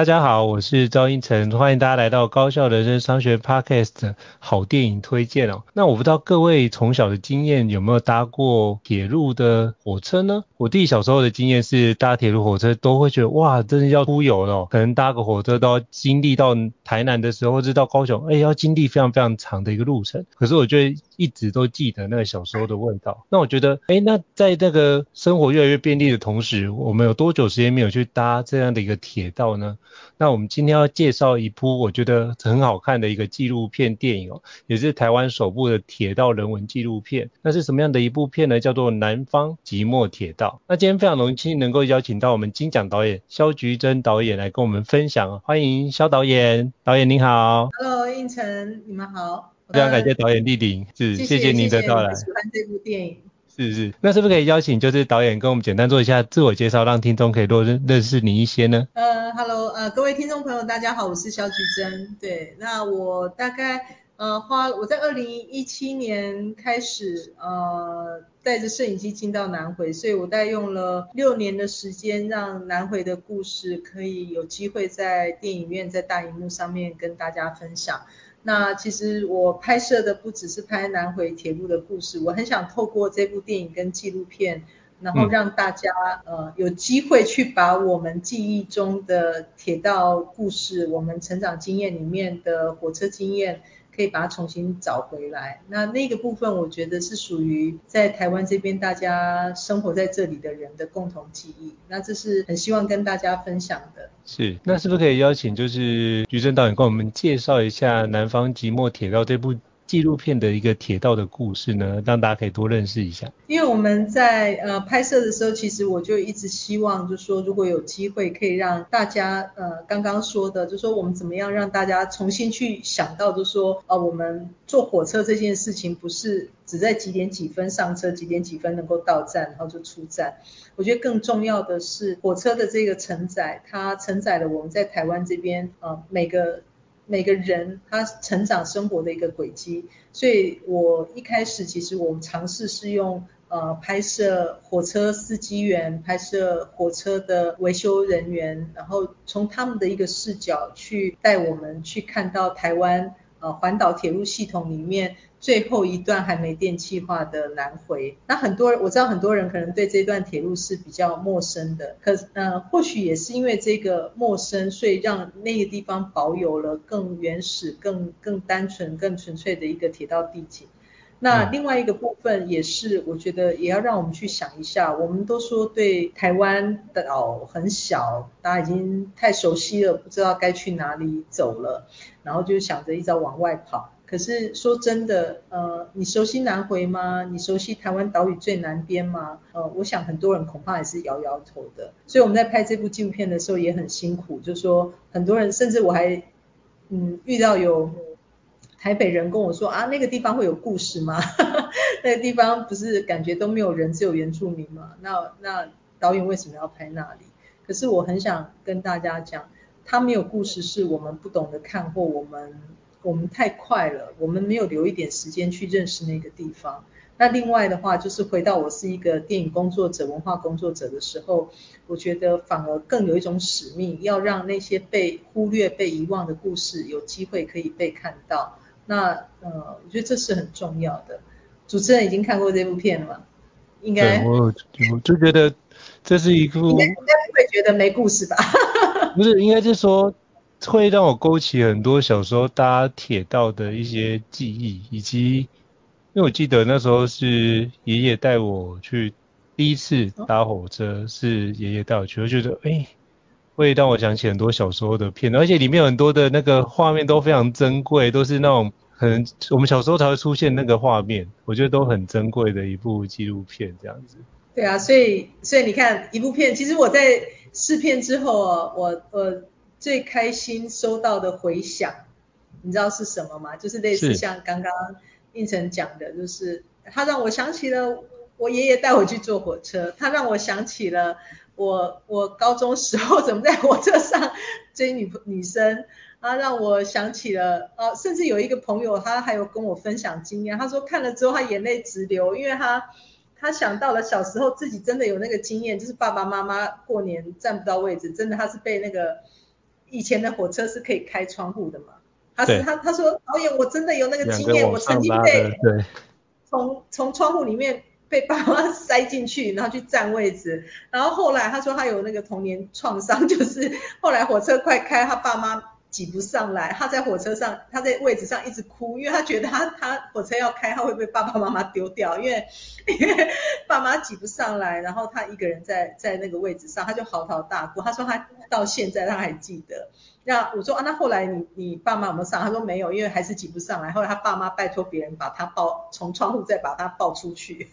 大家好，我是趙胤丞，歡迎大家來到高效人生商學院 Podcast 好電影推薦哦。那我不知道各位從小的經驗有沒有搭過鐵路的火車呢？我弟小時候的經驗是搭鐵路火車都會覺得哇，真的要出遊了，哦，可能搭個火車都要經歷到台南的時候，或者是到高雄，哎，要經歷非常非常長的一個路程。可是我就一直都記得那個小時候的味道。那我覺得，哎，那在那個生活越來越便利的同時，我們有多久時間沒有去搭這樣的一個鐵道呢？那我們今天要介紹一部我覺得很好看的一個紀錄片電影哦，也是台灣首部的鐵道人文紀錄片。那是什麼樣的一部片呢？叫做《南方寂寞鐵道》。那今天非常榮幸能夠邀請到我們金獎導演蕭菊貞導演來跟我們分享。歡迎蕭導演，導演您好。Hello，胤丞，你們好。的非常感謝導演蒞臨，是謝謝，謝謝您的到來。喜歡這部電影。是是，那是不是可以邀請就是導演跟我們簡單做一下自我介紹，讓聽眾可以多認識你一些呢？呃哈嘍，Hello, 呃，各位聽眾朋友，大家好，我是蕭菊貞。對，那我大概呃花我在二零一七年開始呃帶着攝影機進到南迴，所以我帶用了六年的時間，讓南迴的故事可以有機會在電影院、在大熒幕上面跟大家分享。那其實我拍攝的不只是拍南回鐵路的故事，我很想透過這部電影跟紀錄片，然後讓大家、嗯、呃有機會去把我們記憶中的鐵道故事，我們成長經驗裡面的火車經驗。可以把它重新找回來。那那個部分，我覺得是屬於在台灣這邊大家生活在這裡的人的共同記憶。那這是很希望跟大家分享的。是，那是不是可以邀請就是菊貞導演跟我們介紹一下《南方寂寞鐵道》這部？紀錄片的一個鐵道的故事呢，讓大家可以多認識一下。因為我們在呃拍攝的時候，其實我就一直希望，就是說，如果有機會可以讓大家呃剛剛說的，就是說我們怎麼樣讓大家重新去想到就是，就說呃我們坐火車這件事情不是只在幾點幾分上車，幾點幾分能夠到站，然後就出站。我覺得更重要的是火車的這個承載，它承載了我們在台灣這邊呃每個。每個人他成長生活的一個軌跡，所以我一開始其實我們嘗試是用呃拍攝火車司機員，拍攝火車的維修人員，然後從他們的一個視角去帶我們去看到台灣。呃，環島鐵路系統裡面最後一段還沒電氣化的南回，那很多人我知道很多人可能對這段鐵路是比較陌生的，可呃或許也是因為這個陌生，所以讓那個地方保有了更原始、更更單純、更純粹的一個鐵道地景。那另外一個部分也是，我覺得也要讓我們去想一下。我們都說對台灣島很小，大家已經太熟悉了，不知道該去哪裡走了，然後就想着一直往外跑。可是說真的，呃，你熟悉南回嗎？你熟悉台灣島嶼最南邊嗎？呃，我想很多人恐怕也是搖搖頭的。所以我們在拍這部紀錄片的時候也很辛苦，就是說很多人，甚至我還，嗯，遇到有。台北人跟我說啊，那個地方會有故事嗎？ 那個地方不是感覺都沒有人，只有原住民嗎？那那導演為什麼要拍那裡？可是我很想跟大家講，他沒有故事，是我們不懂得看，或我們我們太快了，我們沒有留一點時間去認識那個地方。那另外的話，就是回到我是一個電影工作者、文化工作者的時候，我覺得反而更有一種使命，要讓那些被忽略、被遺忘的故事有機會可以被看到。那呃，我覺得這是很重要的。主持人已經看過這部片了嗎？應該。對，我就我就覺得這是一部。 應該不會覺得沒故事吧？ 不是，應該是說會讓我勾起很多小時候搭鐵道的一些記憶，以及因為我記得那時候是爺爺帶我去第一次搭火車，哦、是爺爺帶我去，我覺得哎。會讓我想起很多小時候的片，而且裡面有很多的那個畫面都非常珍貴，都是那種很我們小時候才會出現那個畫面，我覺得都很珍貴的一部紀錄片這樣子。對啊，所以所以你看，一部片，其實我在試片之後啊，我我最開心收到的回響，你知道是什麼嗎？就是類似像剛剛胤丞講的，是就是他讓我想起了我爺爺帶我去坐火車，他讓我想起了。我我高中時候怎麼在火車上追女女生啊，讓我想起了啊、呃，甚至有一個朋友他還有跟我分享經驗，他說看了之後他眼淚直流，因為他他想到了小時候自己真的有那個經驗，就是爸爸媽媽過年占不到位置，真的他是被那個以前的火車是可以開窗戶的嘛，他是對他他說導演、哦、我真的有那個經驗，我，我曾經被對從從窗戶裡面。被爸媽塞進去，然後去占位置，然後後來他說他有那個童年創傷，就是後來火車快開，他爸媽。擠不上來，他在火車上，他在位置上一直哭，因為他覺得他他火車要開，他會被爸爸媽媽丟掉，因為，因為爸媽擠不上來，然後他一個人在在那個位置上，他就嚎啕大哭。他說他到現在他還記得。那我說啊，那後來你你爸媽有沒有上？他說沒有，因為還是擠不上來。後來他爸媽拜託別人把他抱從窗戶再把他抱出去。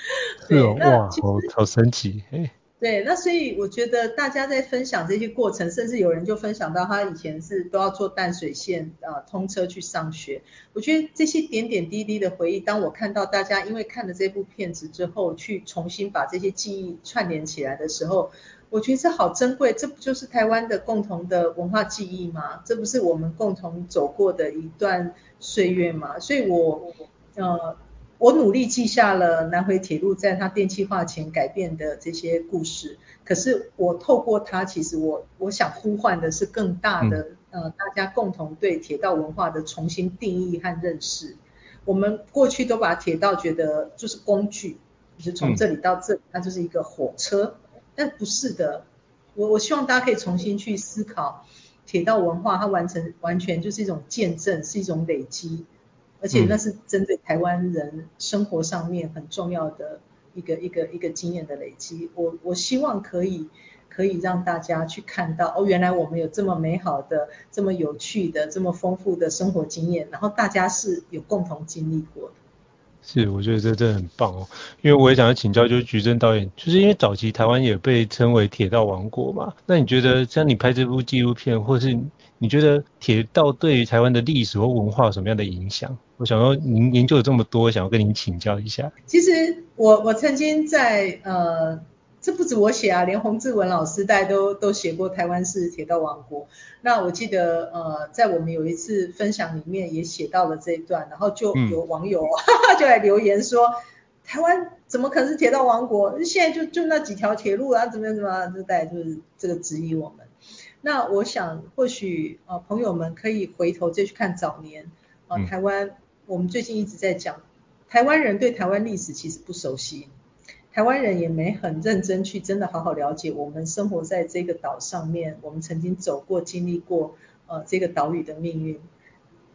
對，哦、哇那其實好神奇哎。嘿。對，那所以我覺得大家在分享這些過程，甚至有人就分享到他以前是都要坐淡水線啊通車去上學。我覺得這些點點滴滴的回憶，當我看到大家因為看了這部片子之後，去重新把這些記憶串聯起來的時候，我覺得這好珍貴。這不就是台灣的共同的文化記憶嗎？這不是我們共同走過的一段歲月嗎？所以我，我呃。我努力記下了南回鐵路在它電氣化前改變的這些故事，可是我透過它，其實我我想呼喚的是更大的、嗯、呃大家共同對鐵道文化的重新定義和認識。我們過去都把鐵道覺得就是工具，就是從這裡到這，它就是一個火車，嗯、但不是的。我我希望大家可以重新去思考鐵道文化，它完成完全就是一種見證，是一種累積。而且那是針對台灣人生活上面很重要的一個一個一個經驗的累積我，我我希望可以可以讓大家去看到，哦，原來我們有這麼美好的、這麼有趣的、這麼豐富的生活經驗，然後大家是有共同經歷過的。是，我覺得這真的很棒哦。因為我也想要請教，就是菊貞導演，就是因為早期台灣也被稱為鐵道王國嘛，那你覺得像你拍這部紀錄片，或是你覺得鐵道對於台灣的歷史或文化有什麼樣的影響？我想說，您研究了這麼多，我想要跟您請教一下。其實我我曾經在呃，這不止我寫啊，連洪志文老師大家都都寫過《台灣是鐵道王國》。那我記得呃，在我們有一次分享裡面也寫到了這一段，然後就有網友、嗯、 就來留言說，台灣怎麼可能是鐵道王國？現在就就那幾條鐵路啊，怎麼樣怎麼、啊、就大家就是這個質疑我們。那我想或許呃，朋友們可以回頭再去看早年啊，台、呃、灣。嗯我們最近一直在講，台灣人對台灣歷史其實不熟悉，台灣人也沒很認真去真的好好了解我們生活在這個島上面，我們曾經走過、經歷過，呃，這個島嶼的命運。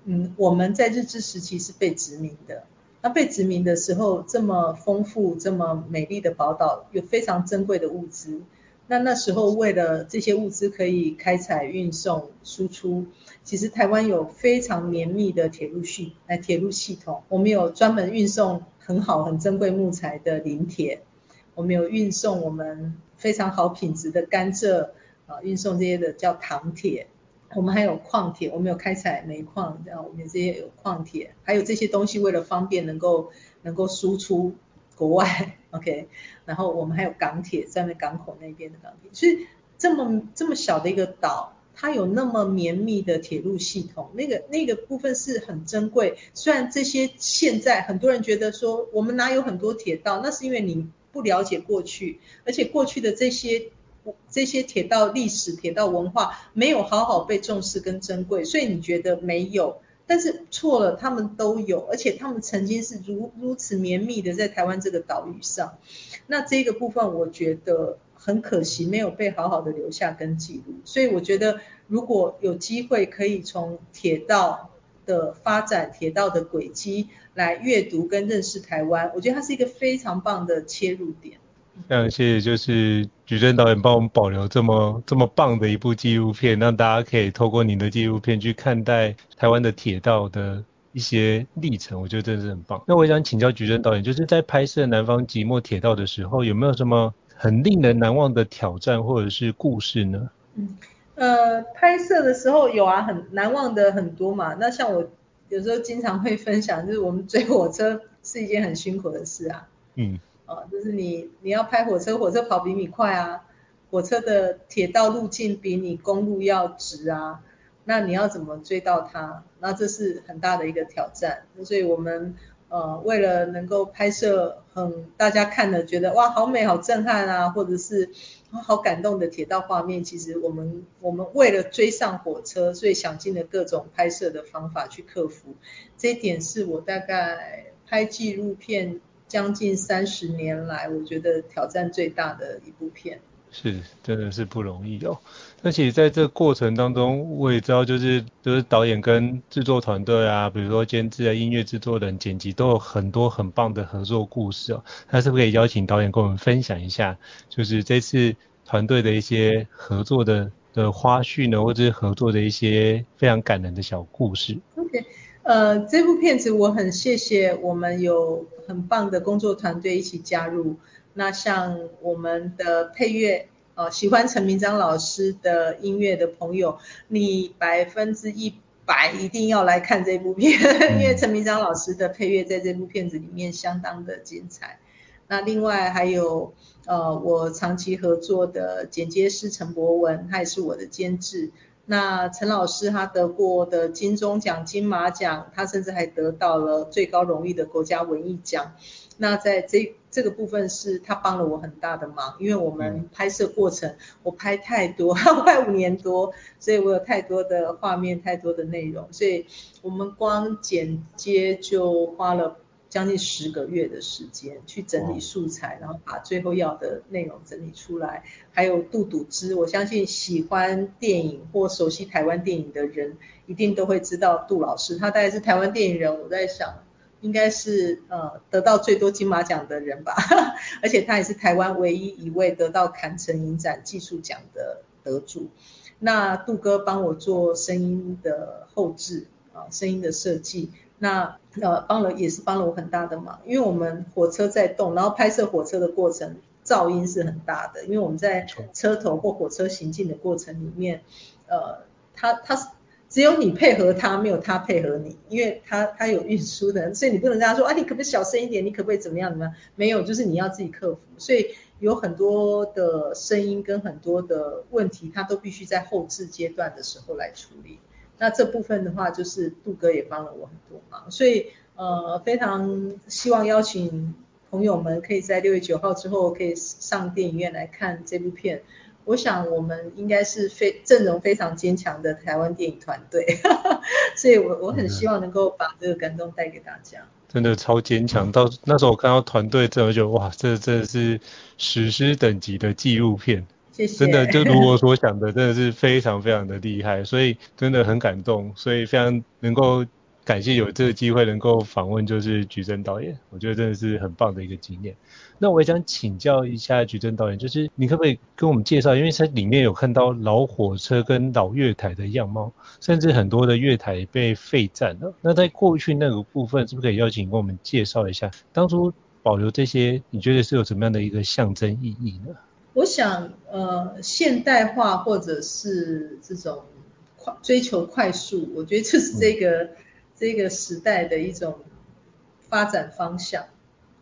嗯，我們在日治時期是被殖民的，那被殖民的時候，這麼豐富、這麼美麗的寶島，有非常珍貴的物資。那那時候為了這些物資可以開採、運送、輸出，其實台灣有非常綿密的鐵路系、鐵路系統。我們有專門運送很好、很珍貴木材的林鐵，我們有運送我們非常好品質的甘蔗啊，運送這些的叫糖鐵。我們還有礦鐵，我們有開採煤礦、啊，然後我們這些有礦鐵，還有這些東西為了方便能夠能夠輸出。國外，OK，然後我們還有港鐵，在港口那邊的港鐵，所以這麼這麼小的一個島，它有那麼綿密的鐵路系統，那個那個部分是很珍貴。雖然這些現在很多人覺得說，我們哪有很多鐵道，那是因為你不了解過去，而且過去的這些這些鐵道歷史、鐵道文化沒有好好被重視跟珍貴，所以你覺得沒有。但是錯了，他們都有，而且他們曾經是如如此綿密的在台灣這個島嶼上。那這個部分我覺得很可惜，沒有被好好的留下跟記錄。所以我覺得，如果有機會可以從鐵道的發展、鐵道的軌跡來閱讀跟認識台灣，我覺得它是一個非常棒的切入點。謝謝，就是菊貞導演幫我們保留這麼這麼棒的一部紀錄片，讓大家可以透過你的紀錄片去看待台灣的鐵道的一些歷程，我覺得真的是很棒。那我想請教菊貞導演，就是在拍攝南方寂寞鐵道的時候，有沒有什麼很令人難忘的挑戰或者是故事呢？嗯，呃，拍攝的時候有啊，很難忘的很多嘛。那像我有時候經常會分享，就是我們追火車是一件很辛苦的事啊。嗯。啊，就是你你要拍火車，火車跑比你快啊，火車的鐵道路徑比你公路要直啊，那你要怎麼追到它？那這是很大的一個挑戰。所以我們呃為了能夠拍攝很大家看了覺得哇好美好震撼啊，或者是好感動的鐵道畫面，其實我們我們為了追上火車，所以想盡了各種拍攝的方法去克服。這一點是我大概拍紀錄片。將近三十年來，我覺得挑戰最大的一部片。是，真的是不容易哦。而且在這個過程當中，我也知道，就是就是導演跟製作團隊啊，比如說監製啊、音樂製作人、剪輯，都有很多很棒的合作故事哦。那是不是可以邀請導演跟我們分享一下，就是這次團隊的一些合作的的花絮呢，或者是合作的一些非常感人的小故事？呃，這部片子我很謝謝我們有很棒的工作團隊一起加入。那像我們的配樂，呃，喜歡陳明章老師的音樂的朋友，你百分之一百一定要來看這部片，嗯、因為陳明章老師的配樂在這部片子裡面相當的精彩。那另外還有呃，我長期合作的剪接師陳博文，他也是我的監製。那陳老師他得過的金鐘獎、金馬獎，他甚至還得到了最高榮譽的國家文藝獎。那在這這個部分是他幫了我很大的忙，因為我們拍攝過程、嗯、我拍太多，我拍五年多，所以我有太多的畫面、太多的內容，所以我們光剪接就花了。將近十個月的時間去整理素材，然後把最後要的內容整理出來。還有杜篤之，我相信喜歡電影或熟悉台灣電影的人，一定都會知道杜老師。他大概是台灣電影人，我在想，應該是呃得到最多金馬獎的人吧。 而且他也是台灣唯一一位得到坎城影展技術獎的得主。那杜哥幫我做聲音的後製、啊、呃，聲音的設計。那呃幫了也是幫了我很大的忙，因為我們火車在動，然後拍攝火車的過程噪音是很大的，因為我們在車頭或火車行進的過程裡面，呃，它它只有你配合它，沒有它配合你，因為它它有運輸的人，所以你不能這樣說啊，你可不可以小聲一點，你可不可以怎麼樣怎麼樣？沒有，就是你要自己克服，所以有很多的聲音跟很多的問題，它都必須在後製階段的時候來處理。那這部分的話，就是杜哥也幫了我很多忙，所以呃非常希望邀請朋友們可以在六月九號之後可以上電影院來看這部片。我想我們應該是非陣容非常堅強的台灣電影團隊，哈哈，所以我我很希望能夠把這個感動帶給大家。嗯，真的超堅強，到那時候我看到團隊之後就哇，這這是史詩等級的紀錄片。真的就如我所想的，真的是非常非常的厲害，所以真的很感動，所以非常能夠感謝有這個機會能夠訪問就是菊貞導演，我覺得真的是很棒的一個經驗。那我也想請教一下菊貞導演，就是你可不可以跟我們介紹，因為它裡面有看到老火車跟老月台的樣貌，甚至很多的月台被廢站了，那在過去那個部分，是不是可以邀請跟我們介紹一下，當初保留這些，你覺得是有什麼樣的一個象徵意義呢？我想，呃，現代化或者是這種快追求快速，我覺得就是這個這個時代的一種發展方向。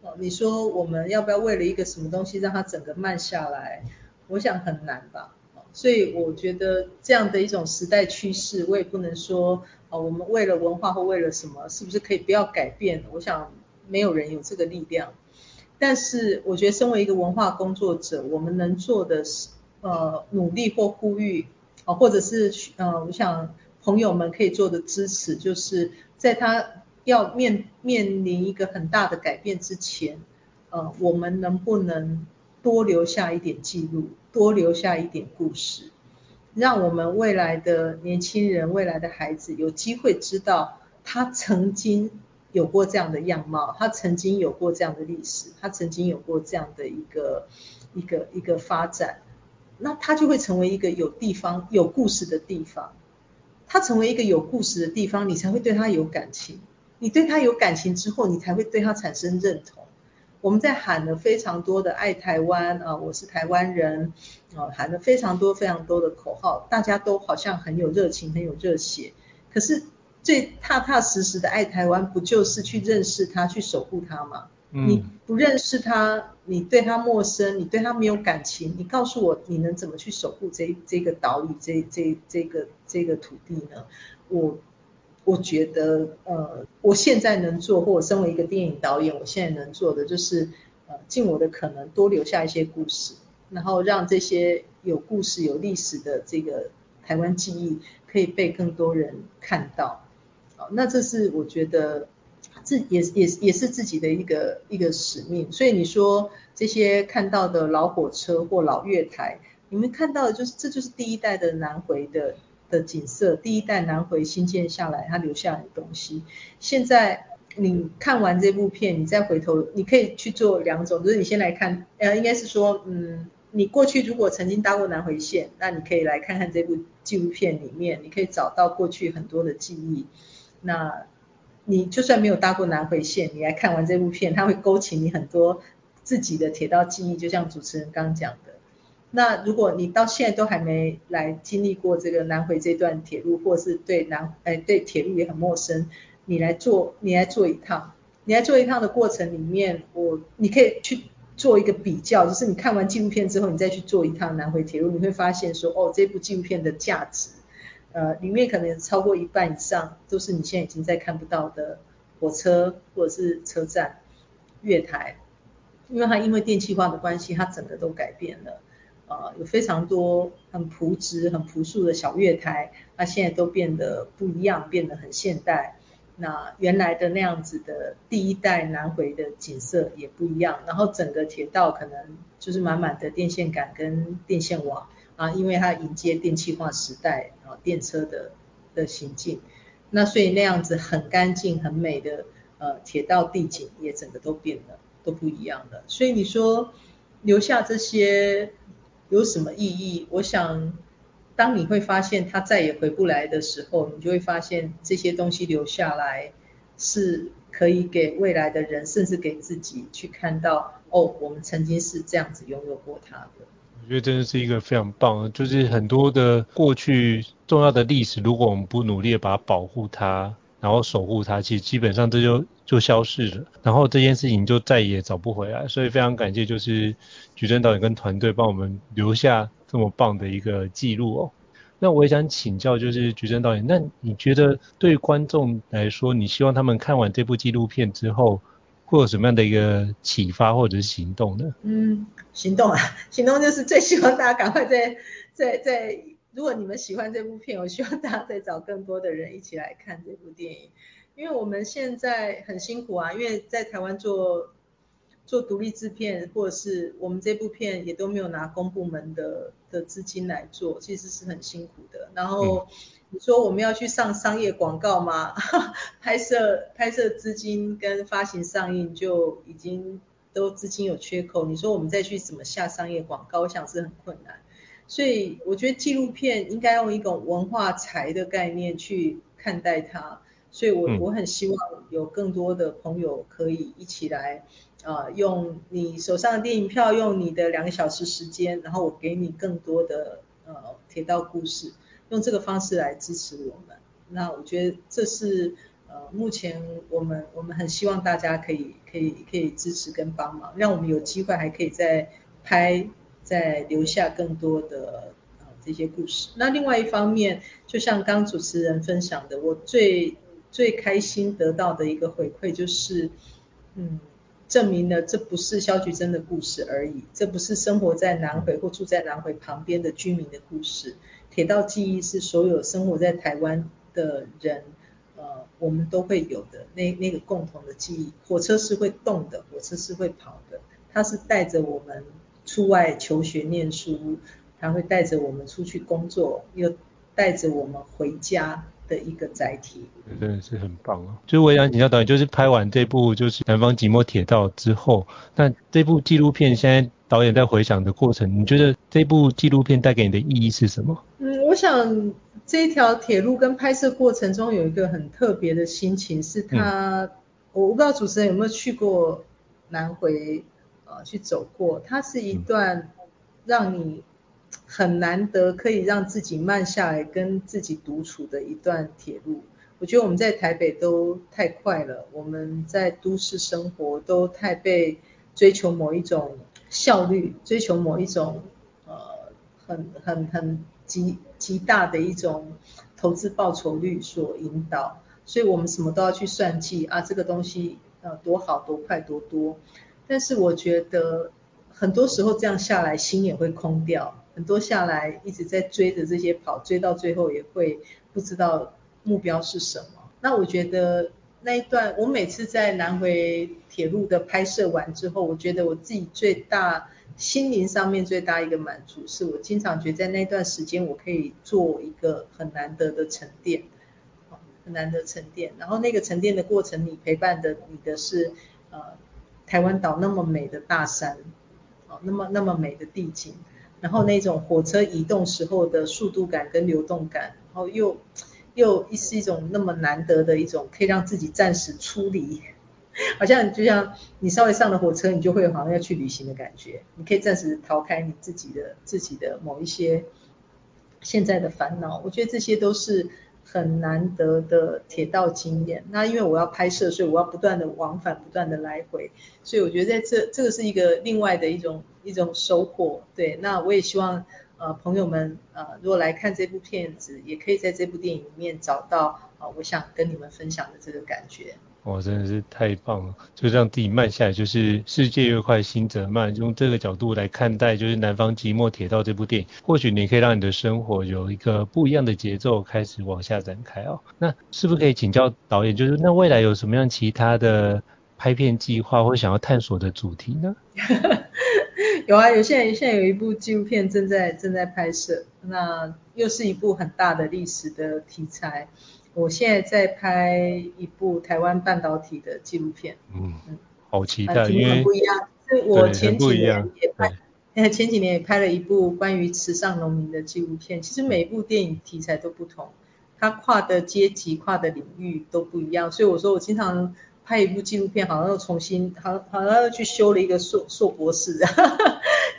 哦，你說我們要不要為了一個什麼東西讓它整個慢下來？我想很難吧。所以我覺得這樣的一種時代趨勢，我也不能說，哦，我們為了文化或為了什麼，是不是可以不要改變？我想沒有人有這個力量。但是我覺得，身為一個文化工作者，我們能做的是，呃，努力或呼籲，啊，或者是呃，我想朋友們可以做的支持，就是在他要面面臨一個很大的改變之前，呃，我們能不能多留下一點記錄，多留下一點故事，讓我們未來的年輕人、未來的孩子有機會知道他曾經。有過這樣的樣貌，他曾經有過這樣的歷史，他曾經有過這樣的一個一個一個發展，那他就會成為一個有地方有故事的地方。他成為一個有故事的地方，你才會對他有感情。你對他有感情之後，你才會對他產生認同。我們在喊了非常多的愛台灣啊，我是台灣人啊，喊了非常多非常多的口號，大家都好像很有熱情，很有熱血，可是。最踏踏實實的愛台灣，不就是去認識它，去守護它嗎？你不認識它，你對它陌生，你對它沒有感情，你告訴我，你能怎麼去守護這這個島嶼，這這這，這個這個土地呢？我我覺得，呃，我現在能做，或我身為一個電影導演，我現在能做的就是，呃，盡我的可能多留下一些故事，然後讓這些有故事、有歷史的這個台灣記憶，可以被更多人看到。那這是我覺得，這也也也是自己的一個一個使命，所以你說這些看到的老火車或老月台，你們看到的就是這就是第一代的南回的的景色，第一代南回新建下來它留下來的東西。現在你看完這部片，你再回頭，你可以去做兩種，就是你先來看，呃，應該是說，嗯，你過去如果曾經搭過南回線，那你可以來看看這部紀錄片裡面，你可以找到過去很多的記憶。那你就算沒有搭過南回線，你來看完這部片，它會勾起你很多自己的鐵道記憶，就像主持人剛剛講的。那如果你到現在都還沒來經歷過這個南回這段鐵路，或是對南哎對鐵路也很陌生，你來坐你來坐一趟，你來坐一趟的過程裡面，我你可以去做一個比較，就是你看完紀錄片之後，你再去坐一趟南回鐵路，你會發現說，哦，這部紀錄片的價值。呃，裡面可能有超過一半以上都是你現在已經在看不到的火車或者是車站月台，因為它因為電氣化的關係，它整個都改變了。呃，有非常多很樸質、很樸素的小月台，它現在都變得不一樣，變得很現代。那原來的那樣子的第一代南回的景色也不一樣，然後整個鐵道可能就是滿滿的電線桿跟電線網。啊，因為它迎接電氣化時代，啊，電車的的行進，那所以那樣子很乾淨、很美的呃鐵道地景也整個都變了，都不一樣了。所以你說留下這些有什麼意義？我想，當你會發現它再也回不來的時候，你就會發現這些東西留下來是可以給未來的人，甚至給自己去看到，哦，我們曾經是這樣子擁有過它的。我覺得真的是一個非常棒，就是很多的過去重要的歷史，如果我們不努力的把它保護它，然後守護它，其實基本上這就就消失了，然後這件事情就再也找不回來。所以非常感謝，就是菊貞導演跟團隊幫我們留下這麼棒的一個紀錄哦。那我也想請教，就是菊貞導演，那你覺得對觀眾來說，你希望他們看完這部紀錄片之後，或有什麼樣的一個啟發或者是行動呢？嗯，行動啊，行動就是最希望大家趕快在在在，如果你們喜歡這部片，我希望大家再找更多的人一起來看這部電影，因為我們現在很辛苦啊，因為在台灣做做獨立製片或者是我們這部片也都沒有拿公部門的的資金來做，其實是很辛苦的。然後。嗯你說我們要去上商業廣告嗎？哈，拍攝拍攝資金跟發行上映就已經都資金有缺口，你說我們再去怎麼下商業廣告，我想是很困難。所以我覺得紀錄片應該用一種文化財的概念去看待它。所以我我很希望有更多的朋友可以一起來，啊、嗯呃，用你手上的電影票，用你的兩個小時時間，然後我給你更多的呃鐵道故事。用這個方式來支持我們，那我覺得這是呃目前我們我們很希望大家可以可以可以支持跟幫忙，讓我們有機會還可以再拍再留下更多的呃這些故事。那另外一方面，就像剛主持人分享的，我最最開心得到的一個回饋就是，嗯，證明了這不是蕭菊貞的故事而已，這不是生活在南回或住在南回旁邊的居民的故事。鐵道記憶是所有生活在台灣的人，呃，我們都會有的那那個共同的記憶。火車是會動的，火車是會跑的，它是帶着我們出外求學念書，它會帶着我們出去工作，又帶着我們回家的一個載體。真的是很棒啊！就是我也想請教導演，就是拍完這部就是南方寂寞鐵道之後，那這部紀錄片現在，導演在回想的過程，你覺得這部紀錄片帶給你的意義是什麼？嗯，我想這一條鐵路跟拍攝過程中有一個很特別的心情，是它，嗯、我不知道主持人有沒有去過南迴，呃，去走過，它是一段讓你很難得可以讓自己慢下來，跟自己獨處的一段鐵路。我覺得我們在台北都太快了，我們在都市生活都太被追求某一種。效率，追求某一種呃很很很極極大的一種投資報酬率所引導，所以我們什麼都要去算計啊，這個東西呃多好多快多多。但是我覺得很多時候這樣下來心也會空掉，很多下來一直在追着這些跑，追到最後也會不知道目標是什麼。那我覺得。那一段，我每次在南回鐵路的拍攝完之後，我覺得我自己最大心靈上面最大一個滿足，是我經常覺得在那段時間，我可以做一個很難得的沉澱，很難得沉澱。然後那個沉澱的過程你陪伴的你的是，呃，台灣島那麼美的大山，哦，那麼那麼美的地景，然後那種火車移動時候的速度感跟流動感，然後又。又是一種那麼難得的一種，可以讓自己暫時出離，好像就像你稍微上了火車，你就會好像要去旅行的感覺，你可以暫時逃開你自己的自己的某一些現在的煩惱。我覺得這些都是很難得的鐵道經驗。那因為我要拍攝，所以我要不斷的往返，不斷的來回，所以我覺得在這這個是一個另外的一種一種收穫。對，那我也希望。呃，朋友們，呃，如果來看這部片子，也可以在這部電影裡面找到啊、呃，我想跟你們分享的這個感覺。哇，真的是太棒了！就讓自己慢下來，就是世界越快，心則慢。用這個角度來看待，就是《南方寂寞鐵道》這部電影，或許你可以讓你的生活有一個不一樣的節奏，開始往下展開哦。那是不是可以請教導演，就是那未來有什麼樣其他的拍片計劃，或想要探索的主題呢？ 有啊，有些現，現在有一部紀錄片正在正在拍攝，那又是一部很大的歷史的題材。我現在在拍一部台灣半導體的紀錄片。嗯，好期待，嗯、因為不一樣。對，我前幾年也拍，前幾年也拍了一部關於池上農民的紀錄片。其實每一部電影題材都不同，嗯、它跨的階級、跨的領域都不一樣，所以我說我經常。拍一部紀錄片，好像又重新，好好像又去修了一個碩碩博士，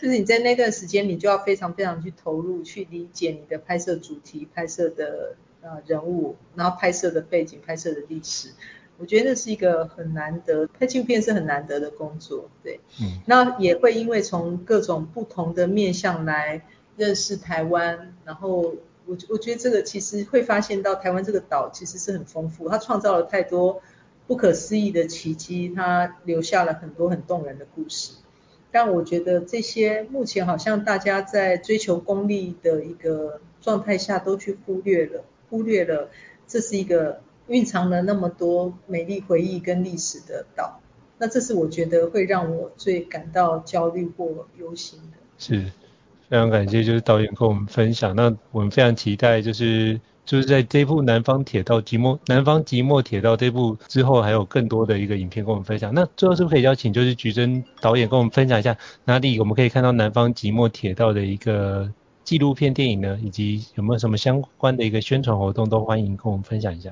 就是你在那段時間，你就要非常非常去投入，去理解你的拍攝主題、拍攝的呃人物，然後拍攝的背景、拍攝的歷史。我覺得那是一個很難得，拍紀錄片是很難得的工作，對，嗯、那也會因為從各種不同的面向來認識台灣，然後我我覺得這個其實會發現到台灣這個島其實是很豐富，它創造了太多。不可思議的奇蹟，它留下了很多很動人的故事。但我覺得這些目前好像大家在追求功利的一個狀態下都去忽略了，忽略了這是一個蘊藏了那麼多美麗回憶跟歷史的島。那這是我覺得會讓我最感到焦慮或憂心的。是，非常感謝，就是導演跟我們分享。那我們非常期待就是。就是在這部《南方鐵道寂寞》《南方寂寞鐵道》這部之後，還有更多的一個影片跟我們分享。那最後是不是可以邀請就是菊貞導演跟我們分享一下，哪裡我們可以看到《南方寂寞鐵道》的一個紀錄片電影呢？以及有沒有什麼相關的一個宣傳活動都歡迎跟我們分享一下。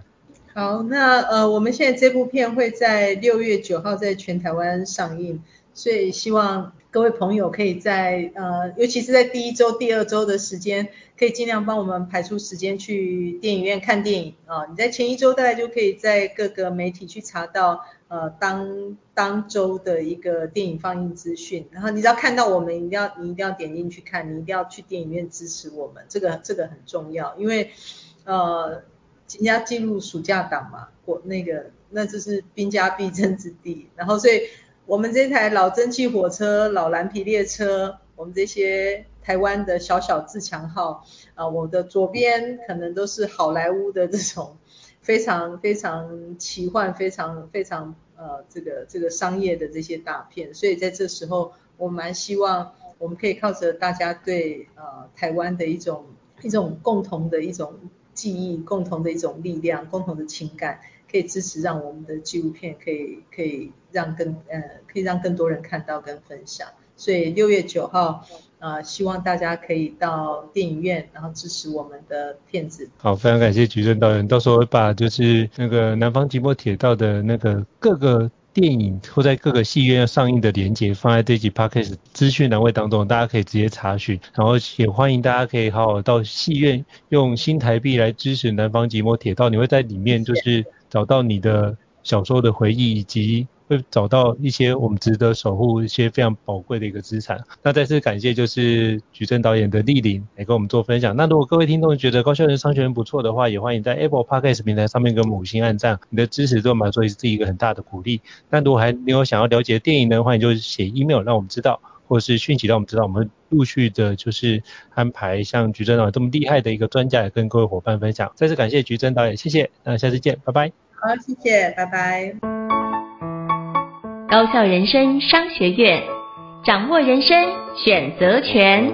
好，那呃，我們現在這部片會在六月九號在全台灣上映。所以希望各位朋友可以在呃，尤其是在第一週、第二週的時間，可以盡量幫我們排出時間去電影院看電影啊、呃。你在前一週，大概就可以在各個媒體去查到呃當當週的一個電影放映資訊。然後你只要看到我們，一定要你一定要點進去看，你一定要去電影院支持我們，這個這個很重要，因為呃，人家進入暑假檔嘛，國那個那就是兵家必爭之地。然後所以。我們這台老蒸汽火車、老藍皮列車，我們這些台灣的小小自強號，啊、呃，我的左邊可能都是好萊塢的這種非常非常奇幻、非常非常呃這個這個商業的這些大片，所以在這時候，我蠻希望我們可以靠着大家對呃台灣的一種一種共同的一種記憶、共同的一種力量、共同的情感。可以支持讓我們的紀錄片可以可以讓更，呃，可以讓更多人看到跟分享，所以六月九號呃，希望大家可以到電影院，然後支持我們的片子。好，非常感謝菊貞導演，到時候會把就是那個南方寂寞鐵道的那個各個。電影或在各個戲院上映的連接，放在這集 podcast 資訊欄位當中，大家可以直接查詢。然後也歡迎大家可以好好到戲院用新台幣來支持南方寂寞鐵道，你會在裡面就是找到你的小時候的回憶以及，會找到一些我們值得守護一些非常寶貴的一個資產。那再次感謝就是菊貞導演的蒞臨，來跟我們做分享。那如果各位聽眾覺得高校《高效人生商學院》不錯的話，也歡迎在 Apple Podcast 平台上面跟我們五星按讚，你的支持對我們來說也是是一個很大的鼓勵。那如果還沒有想要了解電影的話，你就寫 email 讓我們知道，或者是訊息讓我們知道，我們陸續的就是安排像菊貞導演這麼厲害的一個專家來跟各位夥伴分享。再次感謝菊貞導演，謝謝，那下次見，拜拜。好，謝謝，拜拜。高效人生商學院，掌握人生選擇權。